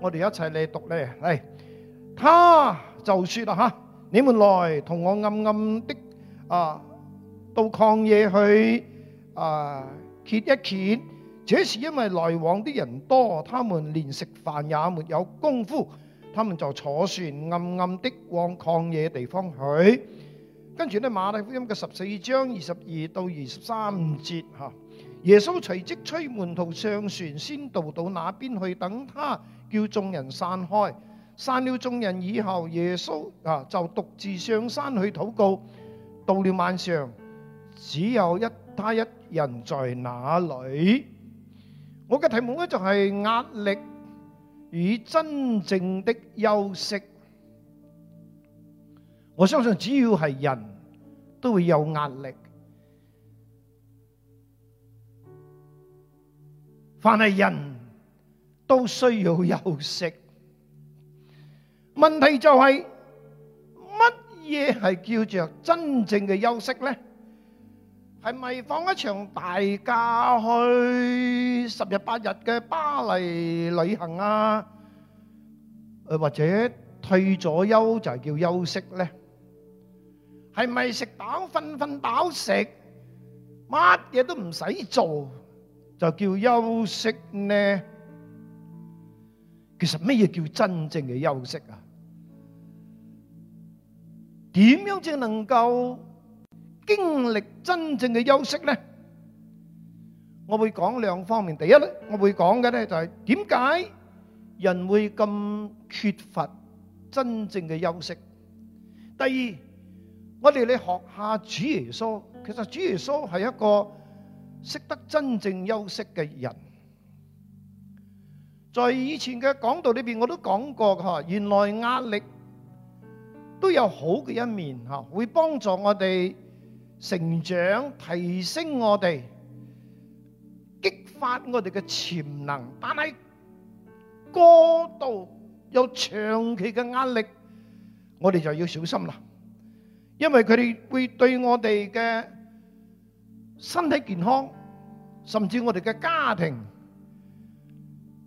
我哋一齊嚟讀呢。係他就説啦嚇，你們來同我暗暗的啊到曠野去啊揭一揭，這是因為來往啲人多，他們連食飯也沒有功夫，他們就坐船暗暗的往曠野地方去。跟住呢馬太福音嘅十四章二十二到二十三節嚇、啊，耶穌隨即催門徒上船，先渡到那邊去等他。叫眾人散開，散了眾人以後，耶穌啊就獨自上山去禱告。到了晚上，只有一他一人在那裏。我嘅題目呢，就係壓力與真正的休息。我相信只要係人都會有壓力，凡係人。都需要休息。問題就係乜嘢，係叫做真正嘅休息呢？係咪放一場大假去十日八日嘅巴黎旅行啊？誒，或者退咗休就係叫休息呢？係咪食飽瞓瞓飽食，乜嘢都唔使做，就叫休息呢？其實乜嘢叫真正嘅休息啊？點樣先能夠經歷真正嘅休息呢？我會講兩方面。第一咧，我會講嘅咧就係點解人會咁缺乏真正嘅休息。第二，我哋嚟學下主耶穌。其實主耶穌係一個識得真正休息嘅人。在以前嘅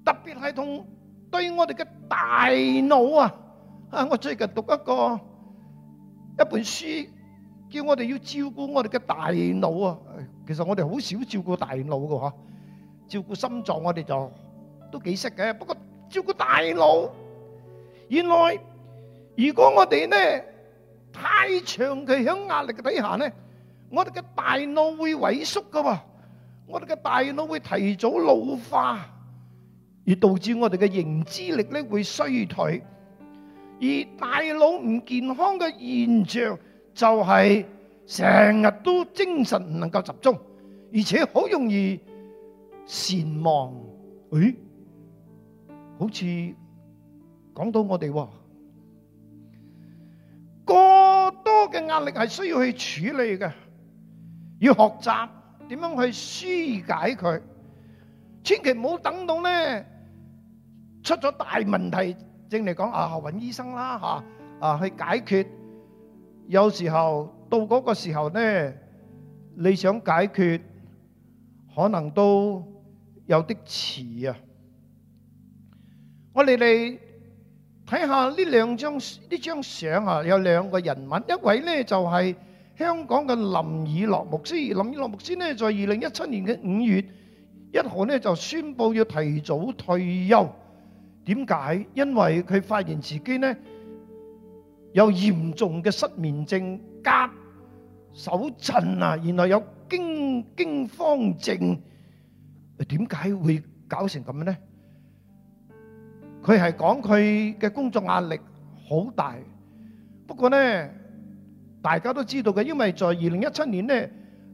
特別係同對我哋嘅大腦啊！啊，我最近讀一個一本書，叫我哋要照顧我哋嘅大腦啊。其實我哋好少照顧大腦㗎吓，照顧心臟我哋就都幾識嘅。不過照顧大腦，原來如果我哋咧太長期喺壓力嘅底下咧，我哋嘅大腦會萎縮嘅喎。啊，我哋嘅大腦會提早老化。而導致我哋嘅認知力咧會衰退，而大腦唔健康嘅現象就係成日都精神唔能夠集中，而且好容易善忘。哎，好似講到我哋喎，過多嘅壓力係需要去處理嘅，要學習點樣去疏解佢，千祈唔好等到呢。出咗大問題，正嚟講啊，去揾醫生啦嚇啊，去解決。有時候到嗰個時候咧，你想解決，可能都有啲遲啊。我哋嚟睇下呢兩張呢張相啊，有兩個人物，一位咧就係香港嘅林以諾牧師。林以諾牧師咧，在二零一七年嘅五月一號咧，就宣布要提早退休。點解？因為佢發現自己呢有嚴重嘅失眠症、加手震啊！原來有驚驚慌症，點解會搞成咁嘅呢？佢係講佢嘅工作壓力好大。不過呢，大家都知道嘅，因為在二零一七年呢，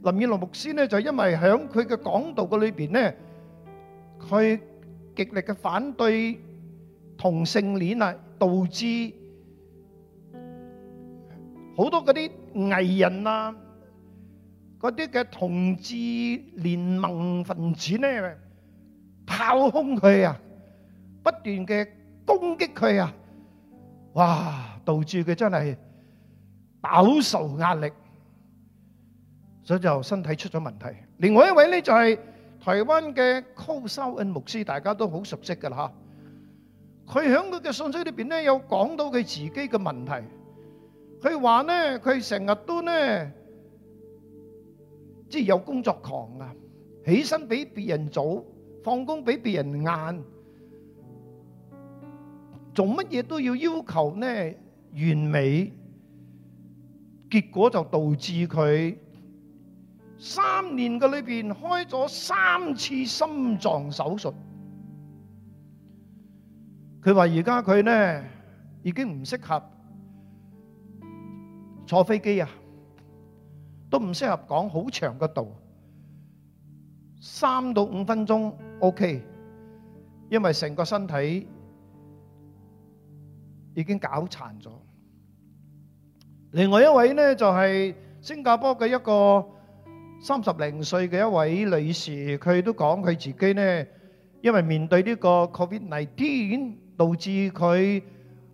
林燕龍牧師呢就因為喺佢嘅講道嘅裏邊呢，佢極力嘅反對。同性戀啊，導致好多嗰啲藝人啊，嗰啲嘅同志聯盟分子咧，炮轟佢啊，不斷嘅攻擊佢啊，哇！導致佢真係飽受壓力，所以就身體出咗問題。另外一位咧就係台灣嘅高修恩牧師，大家都好熟悉㗎喇吓。佢喺佢嘅信息裏邊呢，有講到佢自己嘅問題。佢話呢，佢成日都呢，即係有工作狂啊！起身比別人早，放工比別人晏，做乜嘢都要要求呢，完美，結果就導致佢三年嘅裏邊開咗三次心臟手術。佢話：而家佢咧已經唔適合坐飛機啊，都唔適合講好長嘅道，三到五分鐘 OK，因為成個身體已經搞殘咗。另外一位咧就係新加坡嘅一個三十零歲嘅一位女士，佢都講佢自己咧，因為面對呢個 COVID-19。導致佢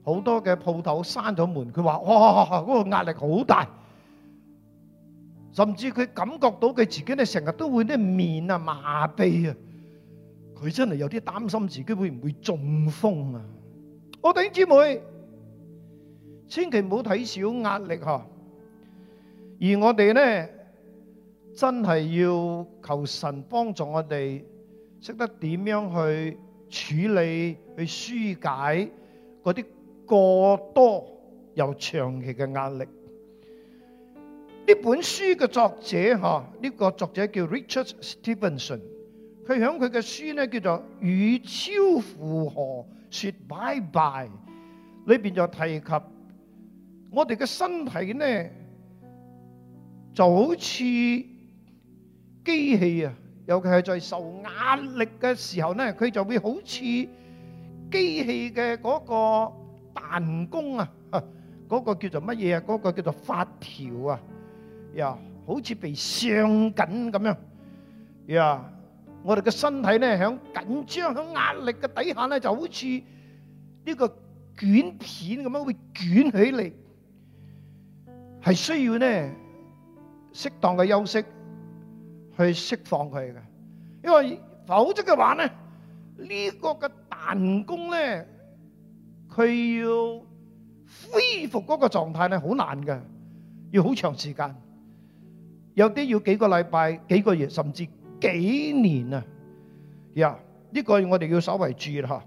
好多嘅鋪頭閂咗門，佢話哇嗰個壓力好大，甚至佢感覺到佢自己咧成日都會啲面啊麻痹啊，佢真係有啲擔心自己會唔會中風啊！弟兄姊妹千祈唔好睇少壓力呵，而我哋咧真係要求神幫助我哋，識得點樣去。處理去疏解嗰啲過多又長期嘅壓力。呢本書嘅作者嚇，呢個作者叫 Richard Stevenson，佢響佢嘅書呢，叫做《與超負荷說拜拜》裏邊就提及，我哋嘅身體呢，就好似機器啊。尤其係在受壓力嘅時候咧，佢就會好似機器嘅嗰個彈弓啊，嗰個叫做乜嘢啊？嗰個叫做發條啊，呀，好似被上緊咁樣。呀，我哋嘅身體咧，響緊張、響壓力嘅底下咧，就好似呢個卷片咁樣會捲起嚟，係需要咧適當嘅休息。去釋放佢嘅，因為否則嘅話咧，呢個嘅彈弓咧，佢要恢復嗰個狀態咧，好難嘅，要好長時間，有啲要幾個禮拜、幾個月，甚至幾年啊！呀，呢個我哋要稍為注意吓。呀、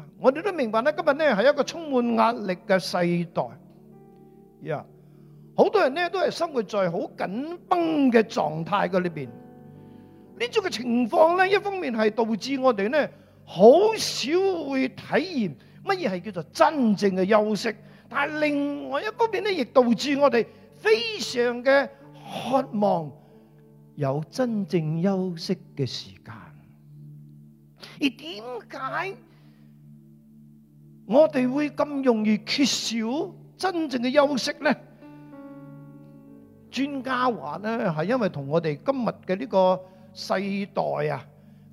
yeah，我哋都明白咧，今日咧係一個充滿壓力嘅世代。呀、yeah。好多人咧都係生活在好緊繃嘅狀態 𠮶 裏邊，呢種嘅情況咧，一方面係導致我哋咧好少會體驗乜嘢係叫做真正嘅休息，但係另外一方面咧，亦導致我哋非常嘅渴望有真正休息嘅時間。而點解我哋會咁容易缺少真正嘅休息咧？專家話咧，係因為同我哋今日嘅呢個世代啊，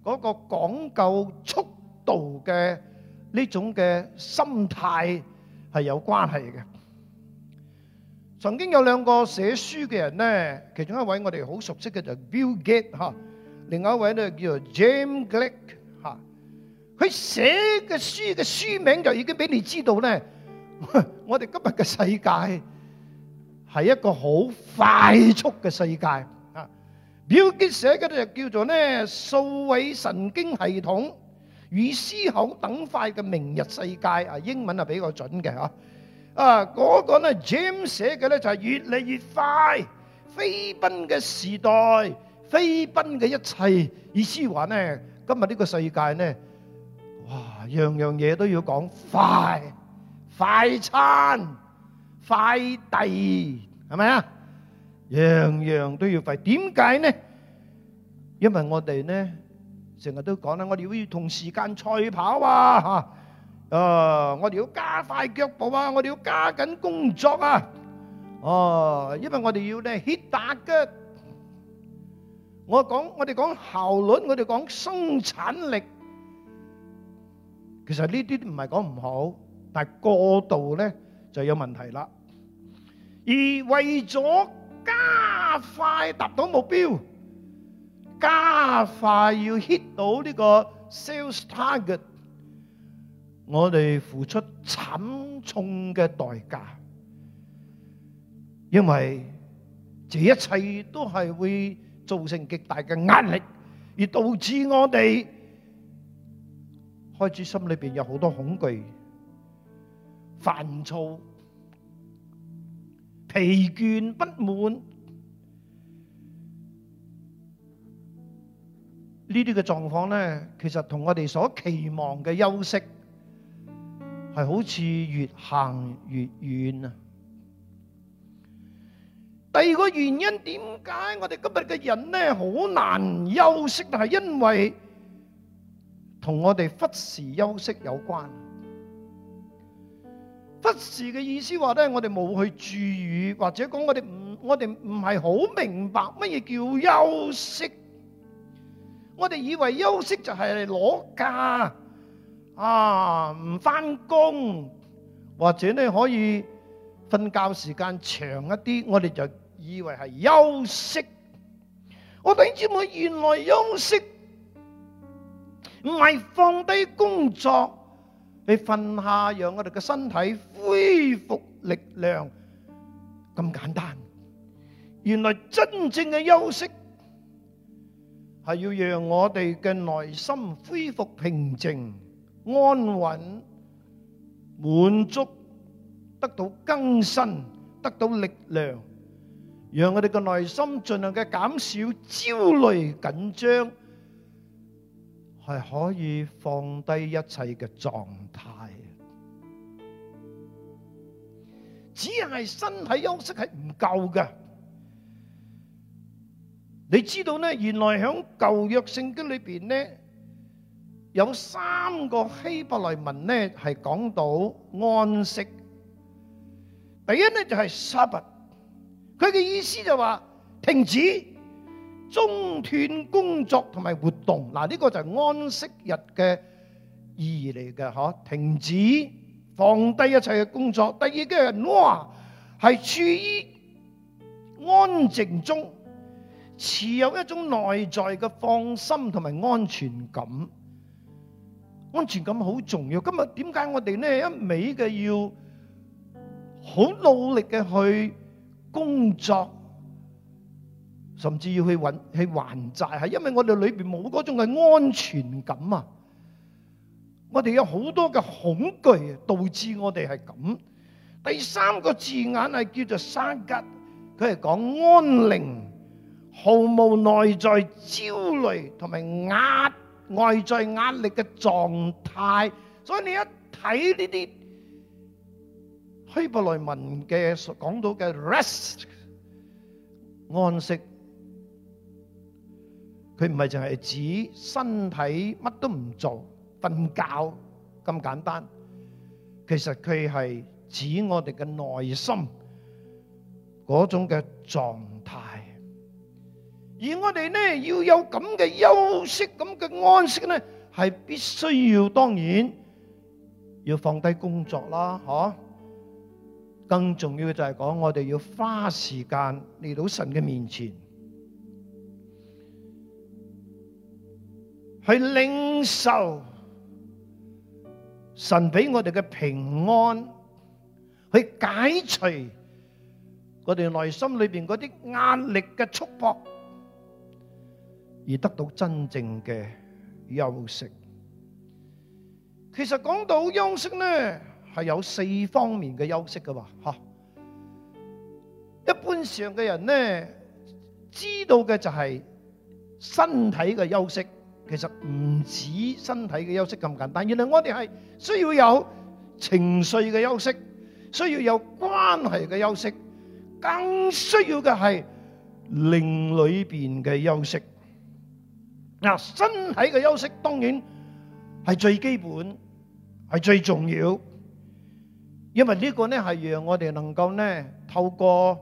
嗰個講究速度嘅呢種嘅心態係有關係嘅。曾經有兩個寫書嘅人咧，其中一位我哋好熟悉嘅就係 Bill Gates 嚇，另外一位咧叫做 James Gleick 嚇，佢寫嘅書嘅書名就已經俾你知道咧，我哋今日嘅世界，係一個好快速嘅世界啊！表杰寫嘅就叫做咧數位神經系統與思考等快嘅明日世界啊！英文係比較準嘅啊啊！嗰個咧 Jam 寫嘅咧就係越嚟越快飛奔嘅時代，飛奔嘅一切。意思話咧今日呢個世界咧，哇樣樣嘢都要講快快餐。快遞係咪啊？樣樣都要快，點解呢？因為我哋呢成日都講啦，我哋要同時間賽跑啊！嚇，誒，我哋要加快腳步啊，我哋要加緊工作啊！哦，因為我哋要呢 hit 打腳。我講我哋講效率，我哋講生產力，其實呢啲唔係講唔好，但係過度呢。就有問題啦。而為咗加快達到目標，加快要 hit 到呢個 sales target，我哋付出慘重嘅代價，因為這一切都係會造成極大嘅壓力，而導致我哋開始心裏邊有好多恐懼。煩躁、疲倦、不滿，呢啲嘅狀況咧，其實同我哋所期望嘅休息係好似越行越遠啊！第二個原因，點解我哋今日嘅人咧好難休息，係因為同我哋忽視休息有關。忽視嘅意思話咧，我哋冇去注意，或者講我哋唔，我哋唔係好明白乜嘢叫休息。我哋以為休息就係攞假啊，唔返工，或者你可以瞓覺時間長一啲，我哋就以為係休息。我點知我原來休息唔係放低工作。你瞓下，讓我哋嘅身體恢復力量，咁簡單。原來真正嘅休息係要讓我哋嘅內心恢復平靜、安穩、滿足，得到更新，得到力量，讓我哋嘅內心盡量嘅減少焦慮緊張。係可以放低一切嘅狀態，只係身體休息係唔夠㗎。你知道咧，原來喺舊約聖經裏邊咧，有三個希伯來文咧係講到安息。第一咧就係 shabbat，佢嘅意思就話停止。中斷工作同埋活動，嗱呢個就係安息日嘅意義嚟嘅，嗬，停止放低一切嘅工作。第二個人哇，係處於安靜中，持有一種內在嘅放心同埋安全感。安全感好重要。今日點解我哋呢一味嘅要好努力嘅去工作？甚至要去揾去還債，係因為我哋裏邊冇嗰種嘅安全感啊！我哋有好多嘅恐懼，導致我哋係咁。第三個字眼係叫做生吉，佢係講安寧，毫無內在焦慮同埋壓外在壓力嘅狀態。所以你一睇呢啲希伯來文嘅所講到嘅 rest，安息。佢唔係淨係指身體乜都唔做瞓覺咁簡單，其實佢係指我哋嘅內心嗰種嘅狀態。而我哋咧要有咁嘅休息、咁嘅安息咧，係必須要當然要放低工作啦，吓。更重要嘅就係講我哋要花時間嚟到神嘅面前。去領受神俾我哋嘅平安，去解除我哋內心裏邊嗰啲壓力嘅束縛，而得到真正嘅休息。其實講到休息咧，係有四方面嘅休息噶嘛，吓。一般上嘅人咧，知道嘅就係身體嘅休息。其實唔止身體嘅休息咁簡單，原來我哋係需要有情緒嘅休息，需要有關係嘅休息，更需要嘅係靈裏邊嘅休息。嗱，身體嘅休息當然係最基本，係最重要，因為呢個呢係讓我哋能夠呢透過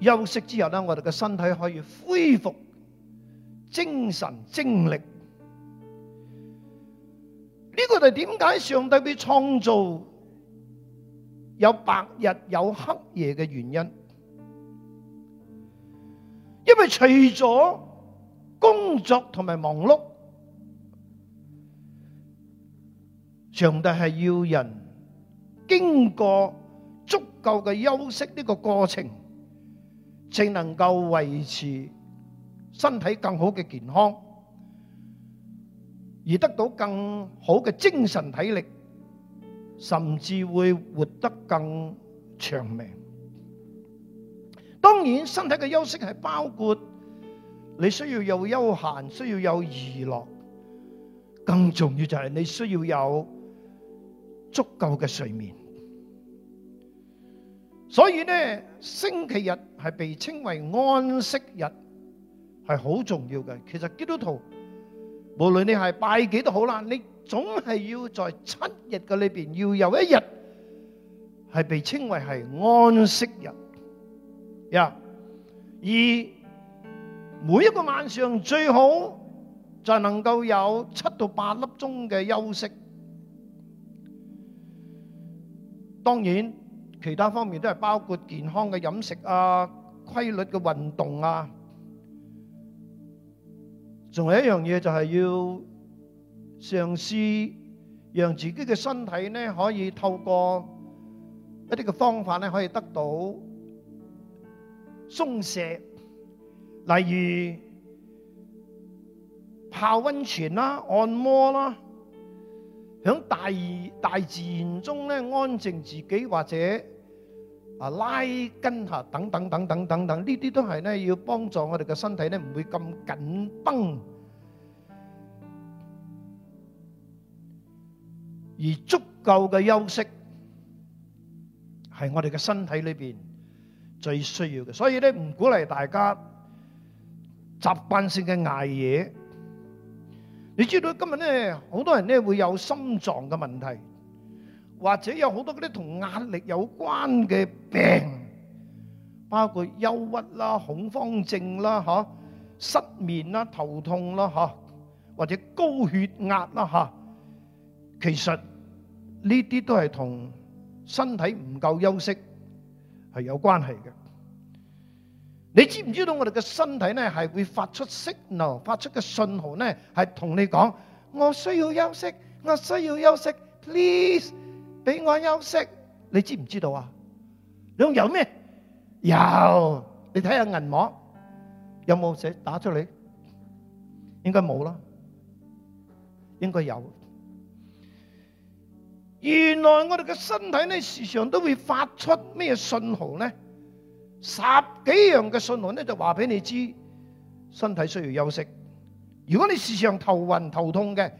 休息之後呢，我哋嘅身體可以恢復。精神精力呢個就係點解上帝會創造有白日有黑夜嘅原因，因為除咗工作同埋忙碌，上帝係要人經過足夠嘅休息呢個過程，先能夠維持。身體更好嘅健康，而得到更好嘅精神體力，甚至會活得更長命。當然，身體嘅休息係包括你需要有休閒，需要有娛樂，更重要就係你需要有足夠嘅睡眠。所以呢，星期日係被稱為安息日。係好重要嘅。其實基督徒無論你係拜幾都好啦，你總係要在七日嘅裏邊要有一日係被稱為係安息日。而每一個晚上最好就能夠有七到八粒鐘嘅休息。當然，其他方面都係包括健康嘅飲食啊、規律嘅運動啊。仲有一樣嘢就係、是、要嘗試讓自己嘅身體咧，可以透過一啲嘅方法咧，可以得到鬆懈，例如泡溫泉啦、按摩啦，喺大大自然中咧安靜自己或者。啊，拉筋嚇，等等等等等等，呢啲都係咧要幫助我哋嘅身體咧，唔會咁緊繃，而足夠嘅休息係我哋嘅身體裏邊最需要嘅。所以咧，唔鼓勵大家習慣性嘅捱夜。你知道今日咧，好多人咧會有心臟嘅問題。或者有好多嗰啲同壓力有關嘅病，包括憂鬱啦、恐慌症啦、嚇失眠啦、頭痛啦、嚇或者高血壓啦、嚇，其實呢啲都係同身體唔夠休息係有關係嘅。你知唔知道我哋嘅身體咧係會發出 signal，發出嘅信號咧係同你講：我需要休息，我需要休息。Please。俾我休息，你知唔知道啊？你有咩有？你睇下銀幕有冇寫打出嚟？應該冇啦，應該有。原來我哋嘅身體呢，時常都會發出咩信號呢？十幾樣嘅信號呢，就話俾你知，身體需要休息。如果你時常頭暈頭痛嘅，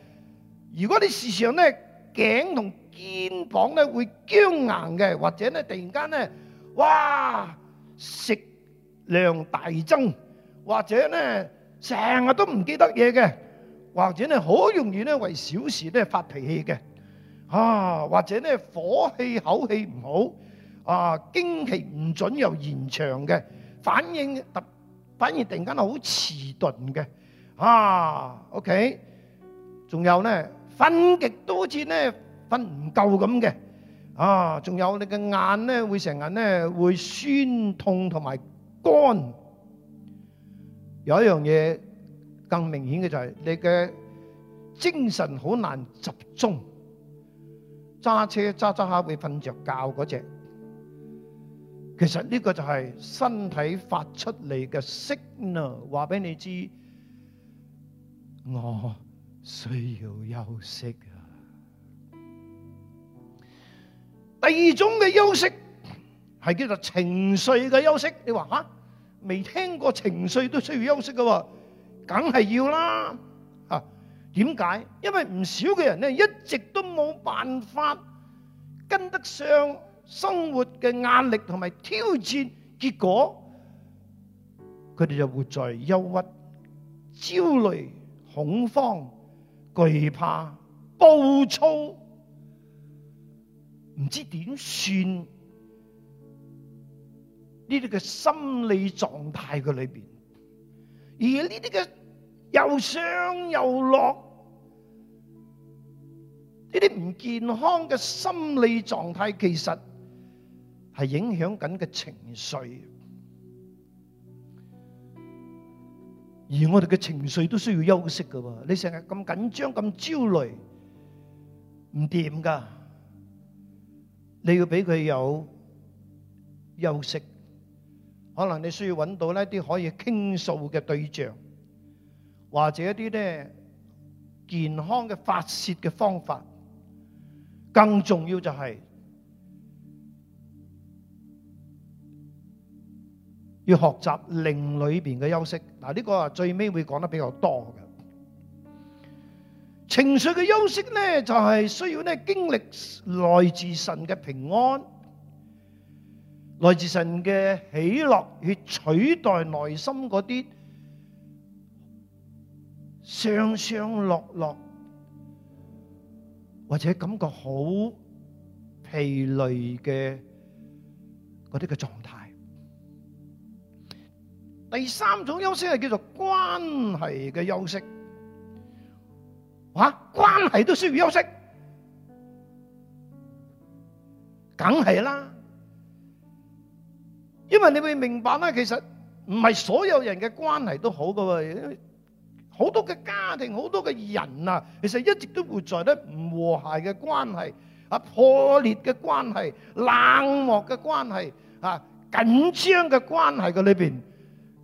如果你時常呢？頸同肩膀咧會僵硬嘅，或者咧突然間咧，哇食量大增，或者咧成日都唔記得嘢嘅，或者咧好容易咧為小事咧發脾氣嘅，啊或者咧火氣口氣唔好，啊經期唔準又延長嘅，反應突反而突然間好遲鈍嘅，啊 OK，仲有咧。瞓極多次咧，瞓唔夠咁嘅，啊，仲有你嘅眼咧會成日咧會酸痛同埋乾。有一樣嘢更明顯嘅就係、是、你嘅精神好難集中，揸車揸揸下會瞓着覺嗰隻。其實呢個就係身體發出嚟嘅 signal，話俾你知，我、哦。需要休息啊！第二種嘅休息係叫做情緒嘅休息。你話吓未聽過情緒都需要休息嘅？梗係要啦！吓，點解？因為唔少嘅人咧一直都冇辦法跟得上生活嘅壓力同埋挑戰，結果佢哋就活在憂鬱、焦慮、恐慌、懼怕、暴躁，唔知點算呢啲嘅心理狀態嘅裏邊，而呢啲嘅又上又落，呢啲唔健康嘅心理狀態，其實係影響緊嘅情緒。而我哋嘅情緒都需要休息噶你成日咁緊張咁焦慮，唔掂噶你要俾佢有休息，可能你需要搵到呢一啲可以傾訴嘅對象，或者一啲咧健康嘅發洩嘅方法。更重要就係。要學習靈裏邊嘅休息，嗱、這、呢個啊最尾會講得比較多嘅情緒嘅休息呢，就係、是、需要咧經歷來自神嘅平安，來自神嘅喜樂去取代內心嗰啲上上落落或者感覺好疲累嘅嗰啲嘅狀態。第三種休息係叫做關係嘅休息，吓，關係都需要休息，梗係啦。因為你會明白啦，其實唔係所有人嘅關係都好㗎，好多嘅家庭、好多嘅人啊，其實一直都活在咧唔和諧嘅關係啊、破裂嘅關係、冷漠嘅關係啊、緊張嘅關係嘅裏邊。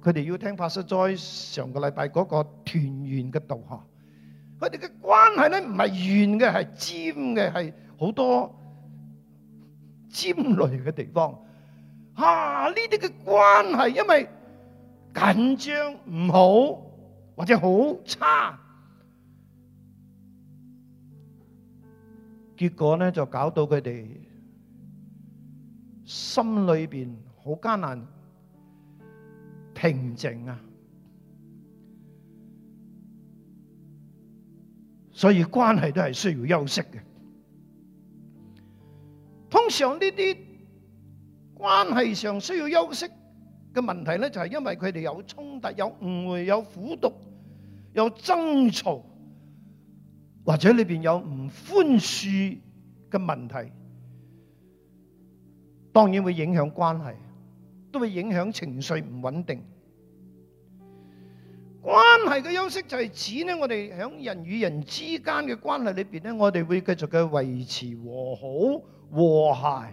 佢哋要聽發生在上個禮拜嗰個團圓嘅道學，佢哋嘅關係咧唔係圓嘅，係尖嘅，係好多尖鋭嘅地方。嚇！呢啲嘅關係因為緊張唔好或者好差，結果咧就搞到佢哋心裏邊好艱難。平靜啊，所以關係都係需要休息嘅。通常呢啲關係上需要休息嘅問題呢，就係因為佢哋有衝突、有誤會、有苦毒、有爭吵，或者裏邊有唔寬恕嘅問題，當然會影響關係。都會影響情緒唔穩定。關係的休息就係指呢，我哋喺人與人之間的關係裏邊呢，我哋會繼續嘅維持和好和諧，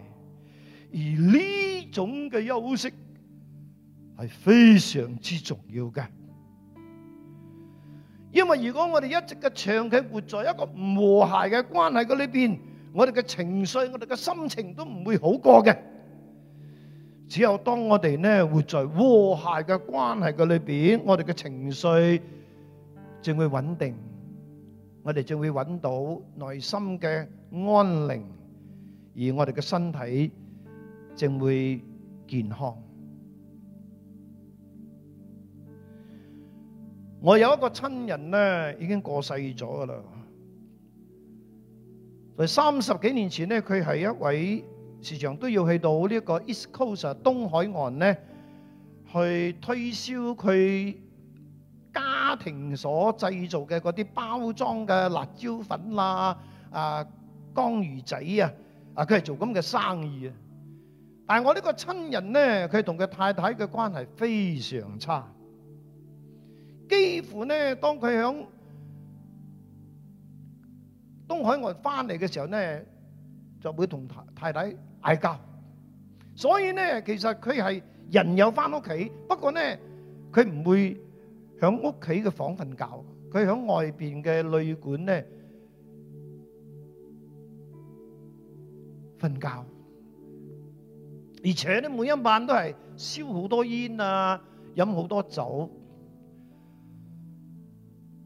而這種的休息係非常之重要嘅，因為如果我哋一直嘅長期活在一個唔和諧的關係的裏邊，我哋的情緒，我哋的心情都唔會好過的。只有當我哋呢活在和諧嘅關係嘅裏邊，我哋嘅情緒正會穩定，我哋正會揾到內心嘅安寧，而我哋嘅身體正會健康。我有一個親人呢，已經過世咗噶啦。喺三十幾年前呢，佢係一位。時常都要去到呢一個 East Coast 東海岸呢，去推銷佢家庭所製造嘅嗰啲包裝嘅辣椒粉啦、啊、啊江魚仔啊，啊佢係做咁嘅生意，啊。但係我呢個親人呢，佢同佢太太嘅關係非常差，幾乎呢，當佢響東海岸翻嚟嘅時候呢，就會同太太弟嗌交，所以呢，其實佢係人又翻屋企，不過呢，佢唔會響屋企嘅房瞓覺，佢響外邊嘅旅館呢瞓覺，而且呢每一晚都係燒好多煙啊，飲好多酒，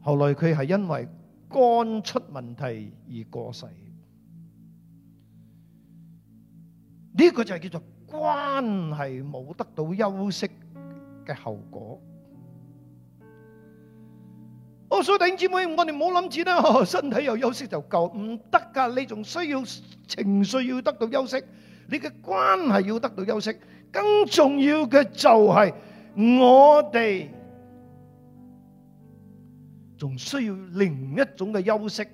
後來佢係因為肝出問題而過世。呢個就係叫做關係冇得到休息嘅後果。我所以弟姊妹，我哋唔好諗住啦，身體有休息就夠，唔得噶。你仲需要情緒要得到休息，你嘅關係要得到休息，更重要嘅就係我哋仲需要另一種嘅休息，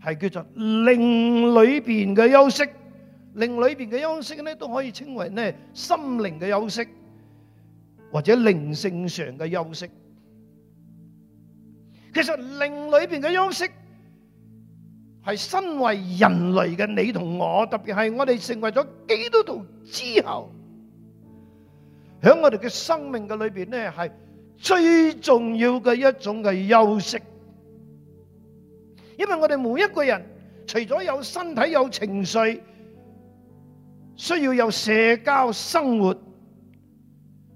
係叫做另裏面嘅休息。靈裏邊嘅休息咧，都可以稱為咧，心靈嘅休息，或者靈性上嘅休息。其實靈裏邊嘅休息，係身為人類嘅你同我，特別係我哋成為咗基督徒之後，喺我哋嘅生命嘅裏邊咧，係最重要嘅一種嘅休息。因為我哋每一個人，除咗有身體有情緒。需要有社交生活，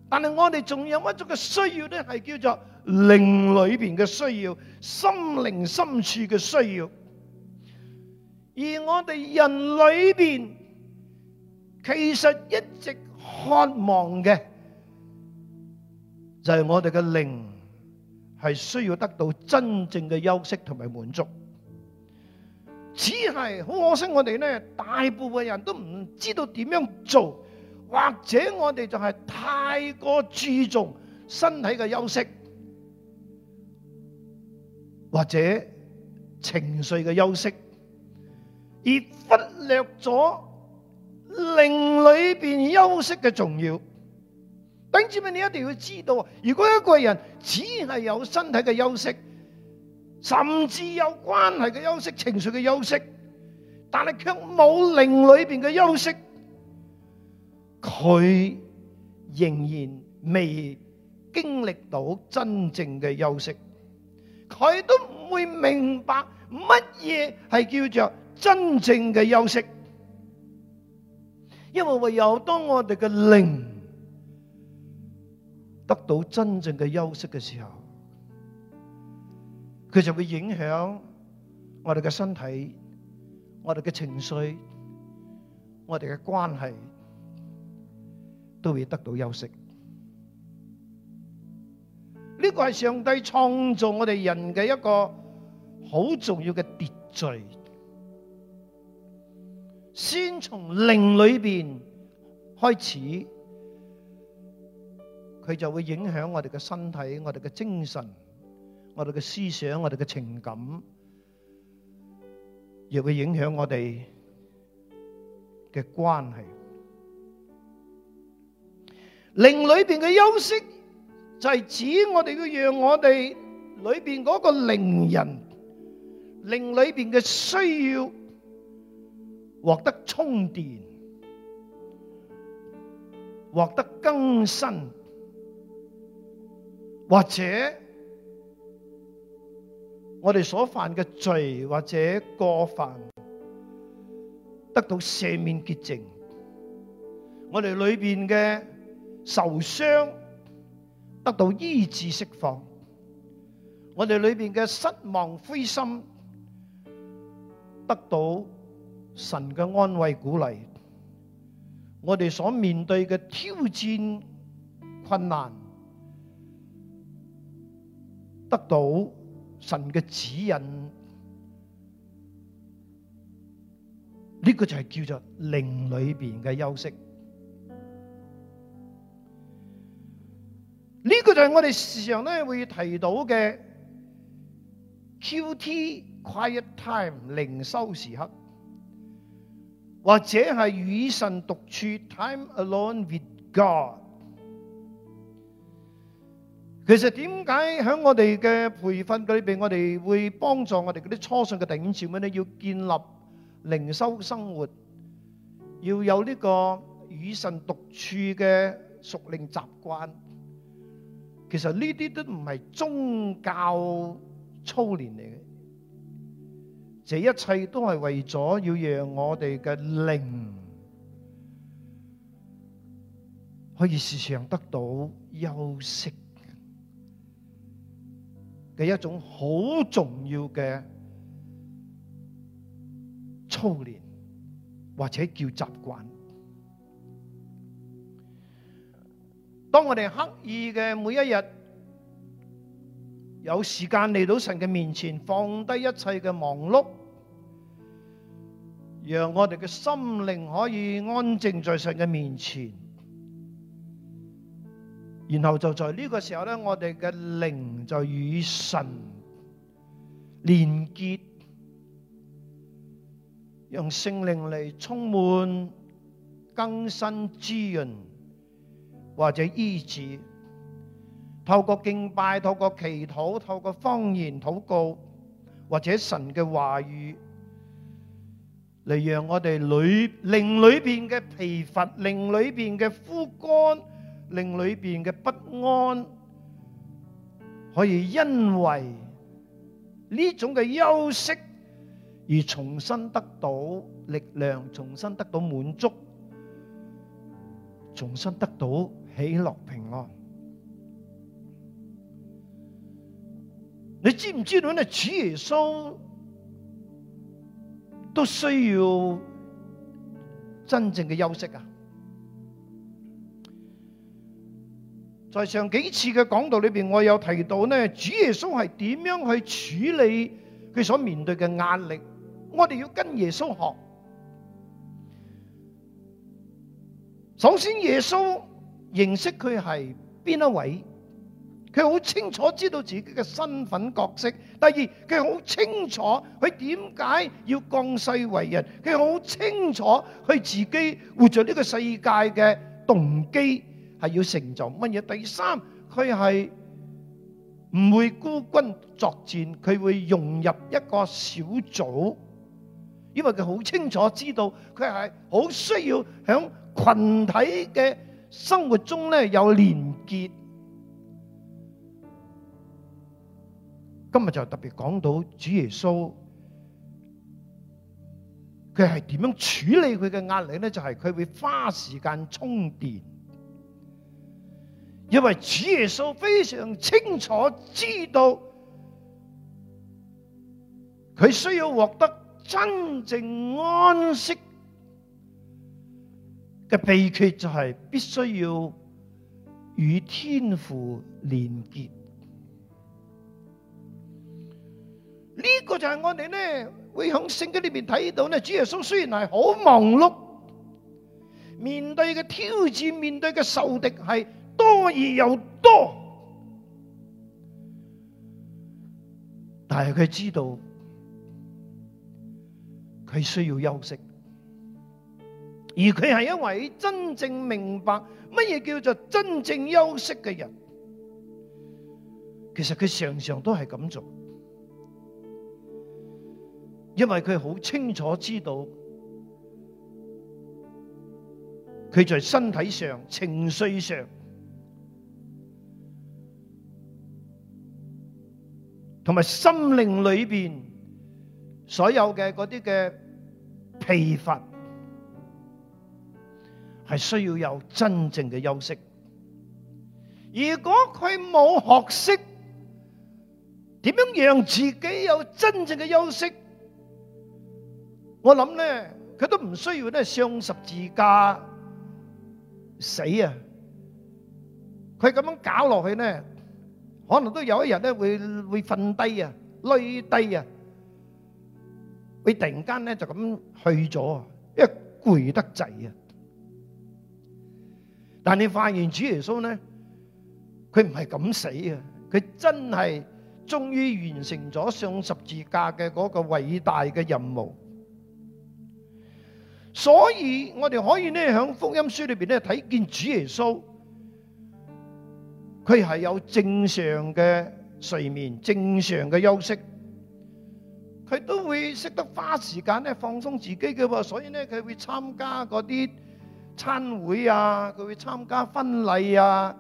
但係我哋仲有一種嘅需要咧，係叫做靈裏邊嘅需要，心靈深處嘅需要。而我哋人裏邊，其實一直渴望嘅就係我哋嘅靈係需要得到真正嘅休息同埋滿足。只係好可惜我，我哋咧大部分人都唔知道點樣做，或者我哋就係太過注重身體嘅休息，或者情緒嘅休息，而忽略咗靈裏邊休息嘅重要。等住咪，你一定要知道，如果一個人只係有身體嘅休息，甚至有關係嘅休息，情緒嘅休息，但係卻冇靈裡邊嘅休息，佢仍然未經歷到真正嘅休息，佢都唔會明白乜嘢係叫做真正嘅休息，因為唯有當我哋嘅靈得到真正嘅休息嘅時候。佢就會影響我哋嘅身體、我哋嘅情緒、我哋嘅關係，都會得到休息。呢個係上帝創造我哋人嘅一個好重要嘅秩序。先從靈裏邊開始，佢就會影響我哋嘅身體、我哋嘅精神。我哋嘅思想，我哋嘅情感，亦會影響我哋嘅關係。靈裏邊嘅休息，就係指我哋要讓我哋裏邊嗰個靈人，靈裏邊嘅需要獲得充電，獲得更新，或者。我哋所犯嘅罪或者過犯得到赦免潔淨，我哋裏面嘅受傷得到醫治釋放，我哋裏面嘅失望灰心得到神嘅安慰鼓勵，我哋所面對嘅挑戰困難得到。神嘅指引，呢個就係叫做靈裏邊嘅休息。呢個就係我哋時常咧會提到嘅 QT Quiet Time 靈修時刻，或者係與神獨處 Time Alone with God。其實點解喺我哋嘅培訓裏邊，我哋會幫助我哋嗰啲初信嘅弟兄姊妹咧，要建立靈修生活，要有呢個與神獨處嘅屬靈習慣。其實呢啲都唔係宗教操練嚟嘅，這一切都係為咗要讓我哋嘅靈可以時常得到休息。嘅一種好重要嘅操練，或者叫習慣。當我哋刻意嘅每一日，有時間嚟到神嘅面前，放低一切嘅忙碌，讓我哋嘅心靈可以安靜在神嘅面前。然後就在呢個時候呢，我哋嘅靈就與神連結，用聖靈來充滿、更新、滋潤或者醫治，透過敬拜、透過祈禱、透過方言禱告，或者神嘅話語，來讓我哋嘅靈裏邊的疲乏，靈裏邊的枯乾，令裏邊嘅不安可以因為呢種嘅休息而重新得到力量，重新得到滿足，重新得到喜樂平安。你知唔知道呢？呢主耶穌都需要真正嘅休息啊！在上幾次嘅講道裏邊，我有提到呢，主耶穌係點樣去處理佢所面對嘅壓力。我哋要跟耶穌學。首先，耶穌認識佢係邊一位，佢好清楚知道自己嘅身份角色。第二，佢好清楚佢點解要降世為人，佢好清楚佢自己活在呢個世界嘅動機。係要成就乜嘢？第三，佢係唔會孤軍作戰，佢會融入一個小組，因為佢好清楚知道佢係好需要響群體嘅生活中咧有連結。今日就特別講到主耶穌，佢係點樣處理佢嘅壓力呢？就係佢會花時間充電。因為主耶穌非常清楚知道佢需要獲得真正安息嘅秘訣，就係必須要與天父連結。呢個就係我哋呢會響聖經裏面睇到呢，主耶穌雖然係好忙碌，面對嘅挑戰，面對嘅仇敵係。多而又多，但係佢知道佢需要休息，而佢係一位真正明白乜嘢叫做真正休息嘅人。其實佢常常都係咁做，因為佢好清楚知道佢在身體上、情緒上。同埋心靈裏邊所有嘅嗰啲嘅疲乏，係需要有真正嘅休息。如果佢冇學識點樣讓自己有真正嘅休息，我諗咧佢都唔需要咧上十字架死啊！佢咁樣搞落去咧，可能都有一日咧，會會瞓低啊，累低啊，會突然間咧就咁去咗啊，因為攰得滯啊。但你發現主耶穌咧，佢唔係咁死啊，佢真係終於完成咗上十字架嘅嗰個偉大嘅任務。所以我哋可以咧喺福音書裏邊咧睇見主耶穌。佢係有正常嘅睡眠、正常嘅休息，佢都會識得花時間咧放鬆自己嘅噃，所以咧佢會參加嗰啲餐會啊，佢會參加婚禮啊，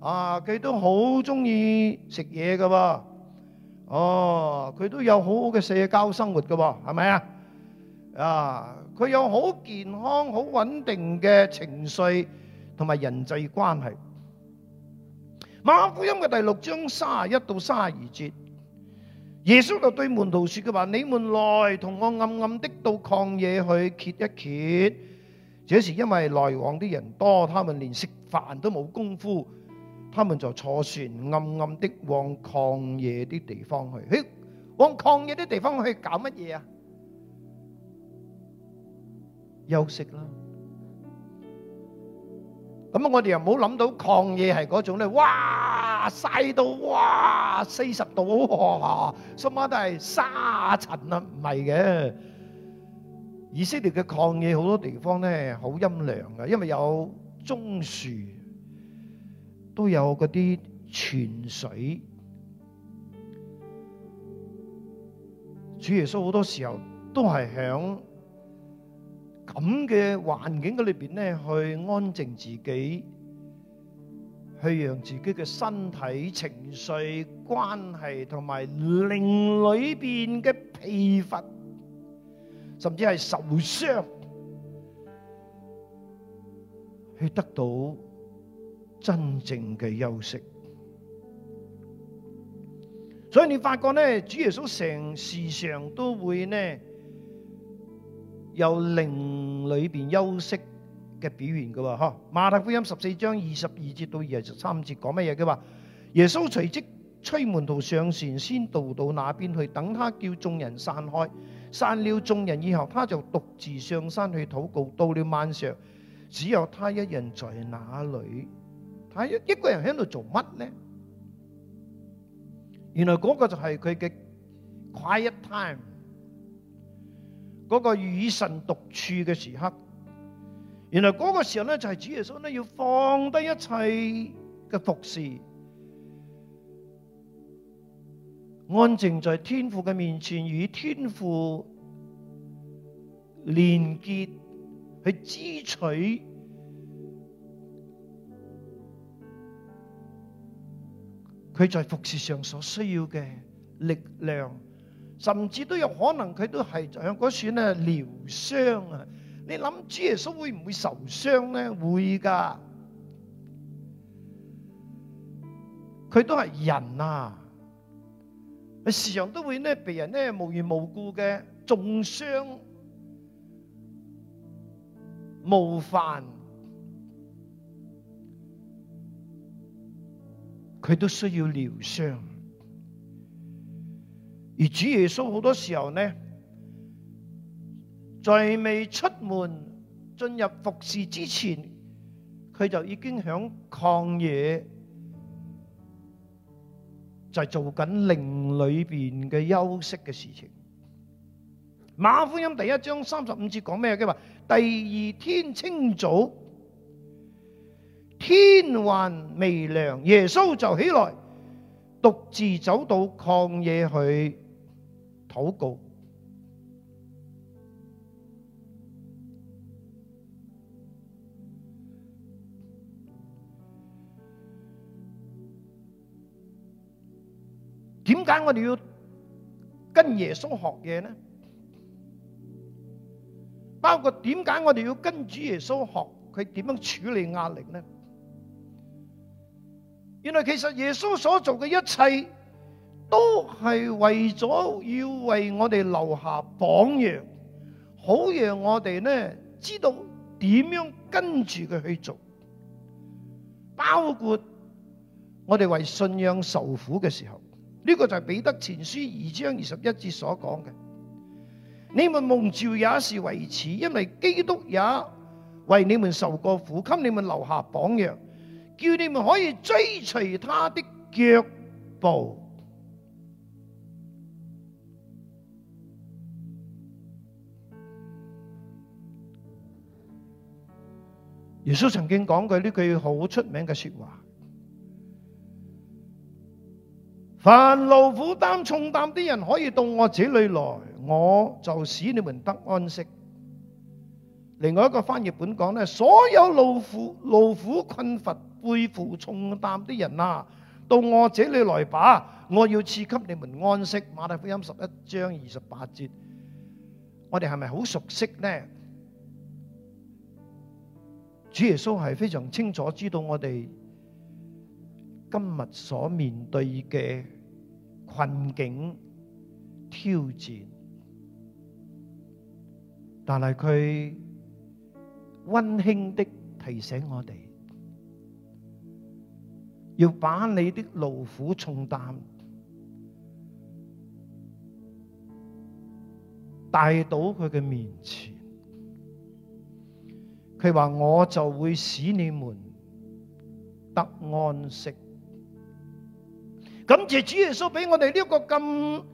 啊佢都好中意食嘢嘅噃，哦、啊、佢都有好好嘅社交生活嘅噃，係咪啊？啊佢有好健康、好穩定嘅情緒同埋人際關係。馬福音嘅第六章卅一到卅二節，耶穌就對門徒說嘅話：你們來同我暗暗的到曠野去歇一歇。這是因為來往啲人多，他們連食飯都冇功夫，他們就坐船暗暗的往曠野啲地方去。去往曠野啲地方去搞乜嘢啊？休息啦。咁啊，我哋又冇諗到曠野係嗰種咧。哇曬到哇四十度，哇，so much 都係沙塵呀，唔係嘅。以色列嘅曠野好多地方咧，好陰涼嘅，因為有棕樹，都有嗰啲泉水。主耶穌好多時候都係喺咁嘅環境嘅裏邊咧，去安靜自己，去讓自己嘅身體、情緒、關係同埋靈裏邊嘅疲乏，甚至係受傷，去得到真正嘅休息。所以你發覺咧，主耶穌成時常都會咧。有靈裏邊休息嘅表現嘅喎，哈！馬太福音十四章二十二節到二十三節講乜嘢？佢話，耶穌隨即催門徒上船，先渡到那邊去，等他叫眾人散開。散了眾人以後，他就獨自上山去禱告。到了晚上，只有他一人在那裏。他一一個人喺度做乜呢？原來嗰個就係佢嘅 quiet time。嗰、那個與神獨處嘅時刻，原來嗰個時候咧就係主耶穌咧要放低一切嘅服侍，安靜在天父嘅面前，與天父連結，去支取佢在服侍上所需要嘅力量。甚至都有可能佢都係響嗰時咧療傷啊！你諗，主耶穌會唔會受傷咧？會㗎，佢都係人啊，佢時常都會咧被人咧無緣無故嘅中傷冒犯，佢都需要療傷。而主耶穌好多時候呢，在未出門進入服事之前，佢就已經響曠野就係做緊靈裏邊嘅休息嘅事情。馬福音第一章三十五節講咩嘅話？第二天清早，天還未亮，耶穌就起來，獨自走到曠野去。禱告。點解我哋要跟耶穌學嘢呢？包括點解我哋要跟主耶穌學佢點樣處理壓力呢？原來其實耶穌所做嘅一切。都係為咗要為我哋留下榜樣，好讓我哋呢，知道點樣跟住佢去做。包括我哋為信仰受苦嘅時候，呢個就係彼得前書二章二十一節所講嘅：你們蒙召也是為此，因為基督也為你們受過苦，給你們留下榜樣，叫你們可以追隨他的腳步。耶穌曾經講句呢句好出名嘅說話：「凡勞苦擔重擔的人，可以到我這裏來，我就使你們得安息。」另外一個翻譯本講呢，所有勞苦勞苦困乏背負重擔的人啊，到我這裏來吧，我要賜給你們安息。馬太福音十一章二十八節，我哋係咪好熟悉呢？主耶穌係非常清楚知道我哋今日所面對的困境挑戰，但係佢溫馨咁提醒我哋，要把你嘅勞苦重擔帶到佢嘅面前。佢話我就會使你們得安息。感謝主耶穌俾我哋呢個咁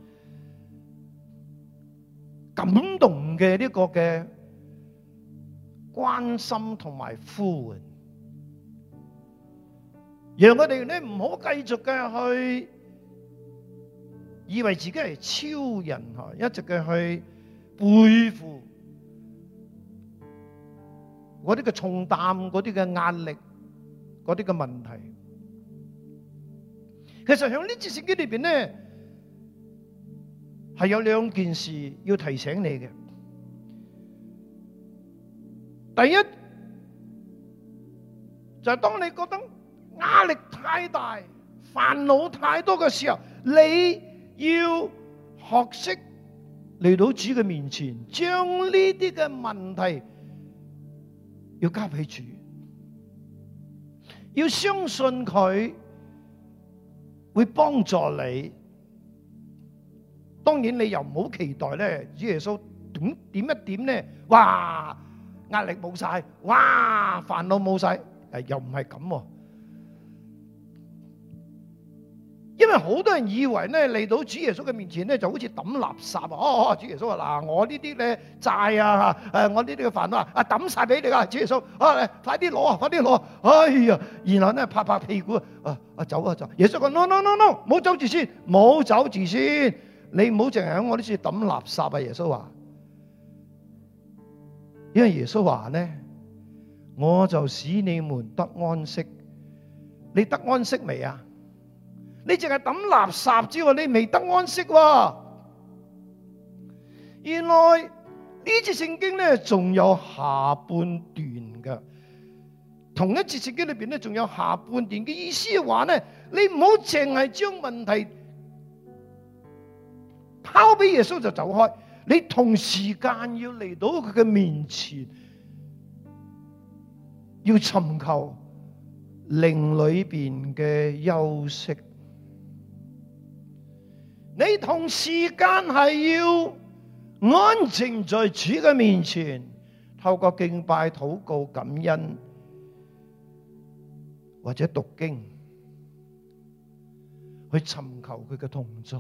感動嘅呢個嘅關心同埋呼喚，讓我哋咧唔好繼續嘅去以為自己係超人嗬，一直嘅去背負。嗰啲嘅重擔，嗰啲嘅壓力，嗰啲嘅問題，其實喺呢支聖經裏邊咧，係有兩件事要提醒你嘅。第一，就係當你覺得壓力太大，煩惱太多嘅時候，你要學識嚟到主嘅面前，將呢啲嘅問題，要交俾主，要相信佢會幫助你。當然你又唔好期待咧，主耶穌點點一點咧，哇，壓力冇晒，哇，煩惱冇晒，誒，又唔係咁。因為好多人以為咧嚟到主耶穌嘅面前咧就好似抌垃圾啊！哦，主耶穌話：嗱，我呢啲咧債啊，誒，我呢啲嘅煩惱啊，抌晒俾你啦，主耶穌，啊，快啲攞啊，快啲攞！哎呀，然後咧拍拍屁股，啊啊走啊走！耶穌講：no no no no，唔好走住先，唔好走住先，你唔好淨係喺我呢處抌垃圾啊！耶穌話，因為耶穌話咧，我就使你們得安息。你得安息未啊？你淨係抌垃圾之外，你未得安息喎，啊。原來呢次聖經咧，仲有下半段嘅。同一節聖經裏邊咧，仲有下半段嘅意思嘅話咧，你唔好淨係將問題拋俾耶穌就走開。你同時間要嚟到佢嘅面前，要尋求靈裏邊嘅休息。你同時間係要安靜在主嘅面前，透過敬拜、禱告、感恩或者讀經，去尋求佢嘅同在，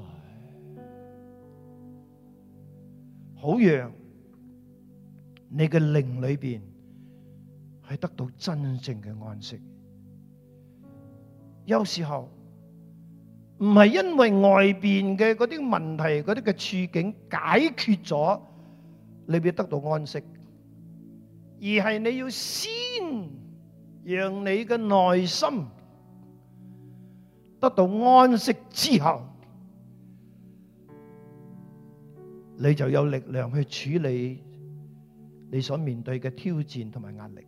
好讓你嘅靈裏面係得到真正嘅安息。有時候。唔係因為外邊嘅嗰啲問題、嗰啲嘅處境解決咗，你便得到安息，而係你要先讓你嘅內心得到安息之後，你就有力量去處理你所面對嘅挑戰同埋壓力。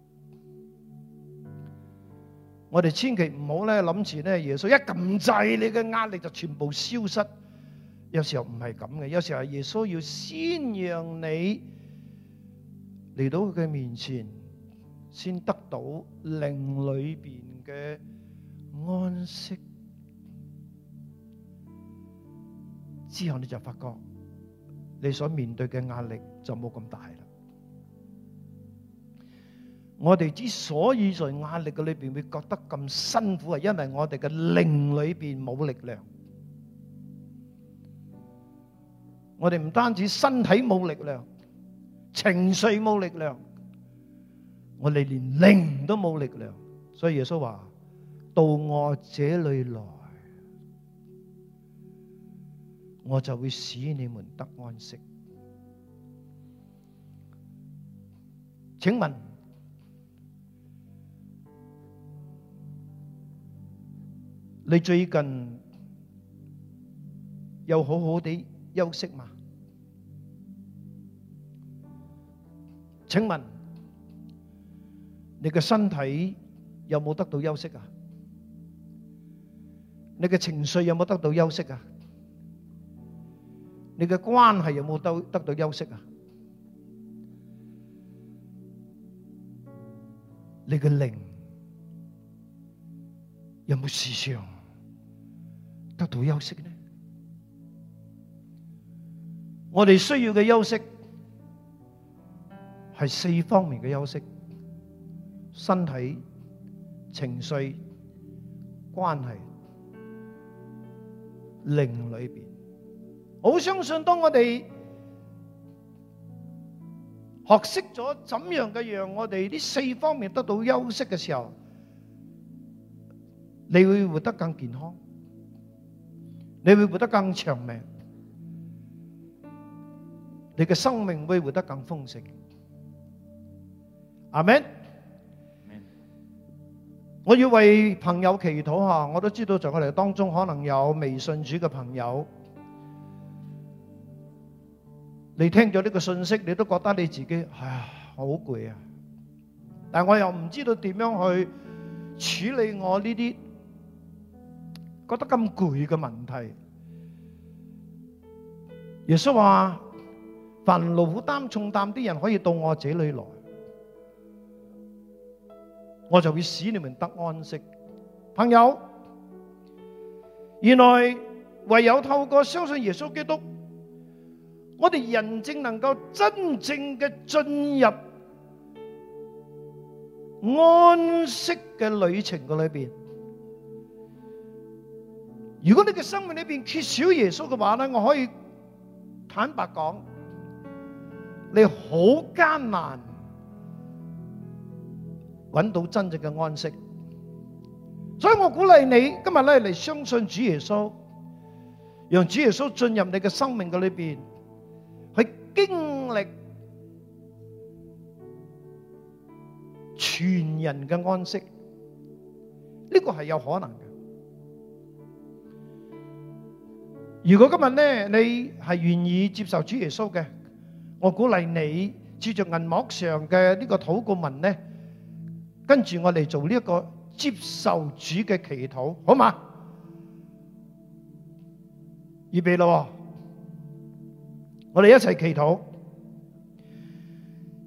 我哋千祈唔好咧諗住咧，耶穌一撳掣，你嘅壓力就全部消失。有時候唔係咁嘅，有時候耶穌要先讓你嚟到佢嘅面前，先得到靈裏邊嘅安息，之後你就發覺你所面對嘅壓力就冇咁大。我哋之所以在壓力嘅裏邊會覺得咁辛苦，係因為我哋嘅靈裏邊冇力量。我哋唔單止身體冇力量，情緒冇力量，我哋連靈都冇力量。所以耶穌話：到我這裏來，我就會使你們得安息。請問？你最近有好好地休息嗎？請問你嘅身體有冇得到休息啊？你嘅情緒有冇得到休息啊？你嘅關係有冇得到休息啊？你嘅靈有冇時常得到休息嘅呢？我哋需要嘅休息係四方面嘅休息：身體、情緒、關係、靈裏邊。好相信，當我哋學識咗怎樣嘅，讓我哋呢四方面得到休息嘅時候，你會活得更健康。你會活得更長命，你嘅生命會活得更豐盛。阿門。我要為朋友祈禱吓，我都知道在我哋當中可能有未信主嘅朋友，你聽咗呢個信息，你都覺得你自己係啊好攰啊，但係我又唔知道點樣去處理我呢啲，覺得咁攰嘅問題，耶穌話：凡勞苦擔重擔啲人可以到我這裏來，我就會使你們得安息。朋友，原來唯有透過相信耶穌基督，我哋人正能夠真正嘅進入安息嘅旅程嘅裏邊。如果你嘅生命裏邊缺少耶穌嘅話咧，我可以坦白講，你好艱難揾到真正嘅安息，所以我鼓勵你今日咧嚟相信主耶穌，讓主耶穌進入你嘅生命嘅裏邊，去經歷全人嘅安息，呢個係有可能的。如果今日咧，你係願意接受主耶穌嘅，我鼓勵你照着銀幕上嘅呢個禱告文咧，跟住我嚟做呢一個接受主嘅祈禱，好嘛？預備咯，我哋一齊祈禱。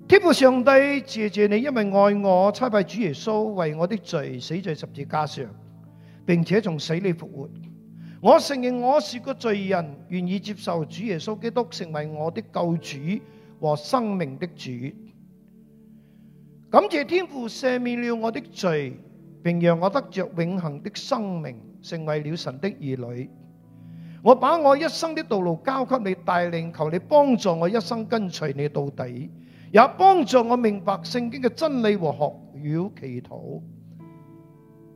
天父上帝，謝謝你，因為愛我，差派主耶穌為我的罪死在十字架上，並且從死裏復活。我承認我是個罪人，願意接受主耶穌基督成為我的救主和生命的主。感謝天父赦免了我的罪，並讓我得着永恆的生命，成為了神的兒女。我把我一生的道路交給你帶領，求你幫助我一生跟隨你到底，也幫助我明白聖經嘅真理和學要祈禱，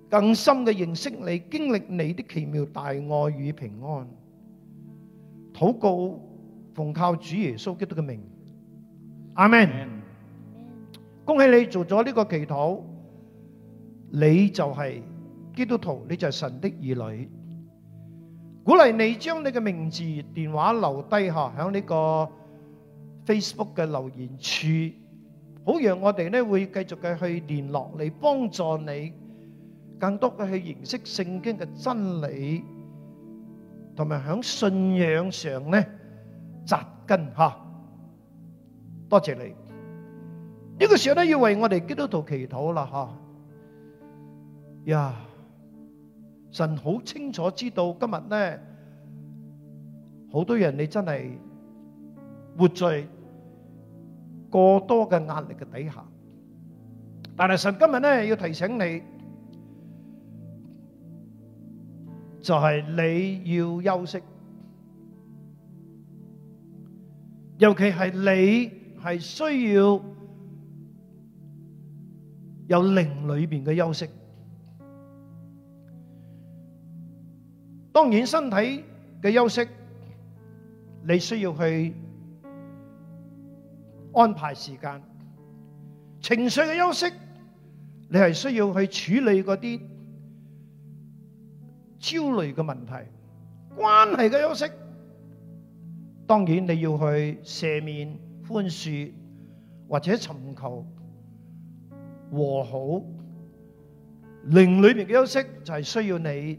更深嘅認識你，經歷你的奇妙大愛與平安。禱告，奉靠主耶穌基督嘅名，阿門。恭喜你做咗呢個祈禱，你就係基督徒，你就係神的兒女。鼓勵你將你嘅名字、電話留低下，喺呢個 Facebook 嘅留言處，好讓我哋呢會繼續嘅去聯絡你嚟幫助你。更多嘅去認識聖經嘅真理，同埋喺信仰上咧扎根吓。多謝你呢個時候咧要為我哋基督徒祈禱啦吓。呀，神好清楚知道今日咧，好多人你真係活在過多嘅壓力嘅底下，但係神今日咧要提醒你。就係你要休息，尤其係你係需要有靈裏邊嘅休息。當然身體嘅休息，你需要去安排時間；情緒嘅休息，你係需要去處理嗰啲。焦慮嘅問題，關係嘅休息，當然你要去赦免、寬恕或者尋求和好。靈裏面嘅休息就係需要你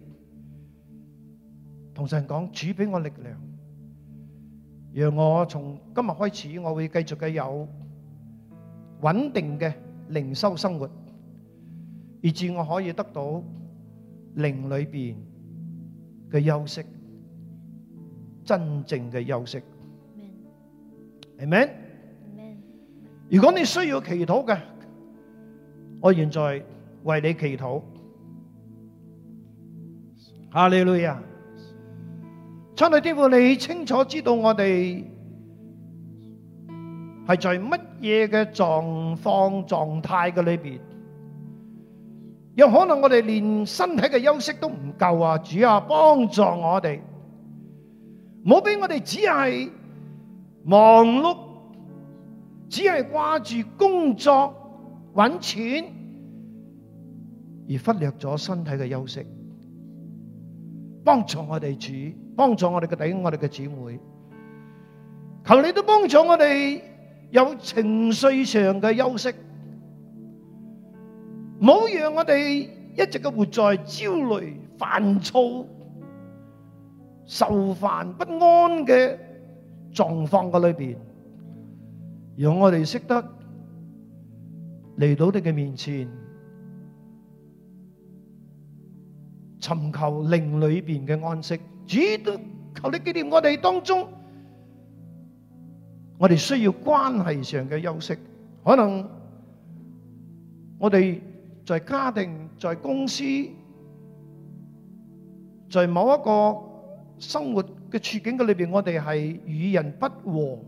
同神講，主俾我力量，讓我從今日開始，我會繼續嘅有穩定嘅靈修生活，以至我可以得到靈裏面。嘅休息，真正嘅休息，Amen？如果你需要祈禱嘅，我現在為你祈禱。哈利路亞，親愛的天父，你清楚知道我哋係在乜嘢嘅狀況、狀態嘅裏面。有可能我哋連身體嘅休息都唔夠啊！主啊，幫助我哋，唔好俾我哋只係忙碌，只係掛住工作搵錢而忽略咗身體嘅休息。幫助我哋主，幫助我哋嘅弟兄、我哋嘅姊妹，求你都幫助我哋有情緒上嘅休息。唔好讓我哋一直嘅活在焦慮、煩躁、愁煩不安嘅狀況嘅裏邊，讓我哋識得嚟到你嘅面前，尋求靈裏邊嘅安息。主，求你紀念我哋當中，我哋需要關係上嘅休息，可能我哋。在家庭、在公司、在某一個生活嘅處境嘅裏邊，我哋係與人不和，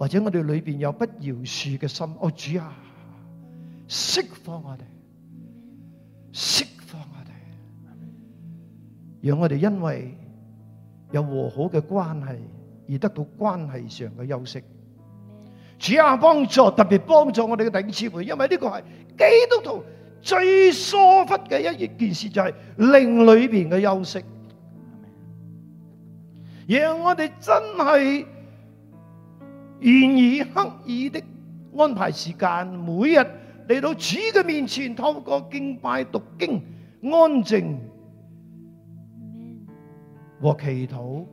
或者我哋裏邊有不饒恕嘅心。哦，主啊，釋放我哋，釋放我哋，讓我哋因為有和好嘅關係而得到關係上嘅休息。主啊，幫助特別幫助我哋嘅頂次會，因為呢個係基督徒最疏忽嘅一一件事，就係靈裏邊嘅休息，讓我哋真係願意刻意的安排時間，每日嚟到主嘅面前，透過敬拜、讀經、安靜和祈禱，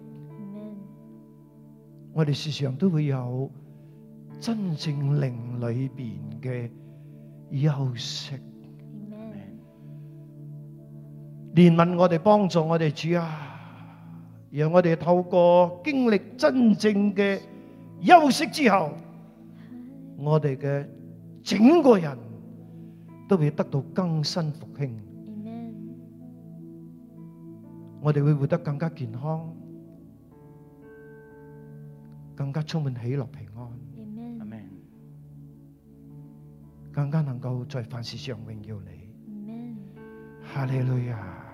我哋時常都會有。真正靈裏邊嘅休息，憐憫我哋，幫助我哋，主啊，讓我哋透過經歷真正嘅休息之後，我哋嘅整個人都會得到更新復興。我哋會活得更加健康，更加充滿喜樂平安。更加能夠在凡事上榮耀你。哈利路亞。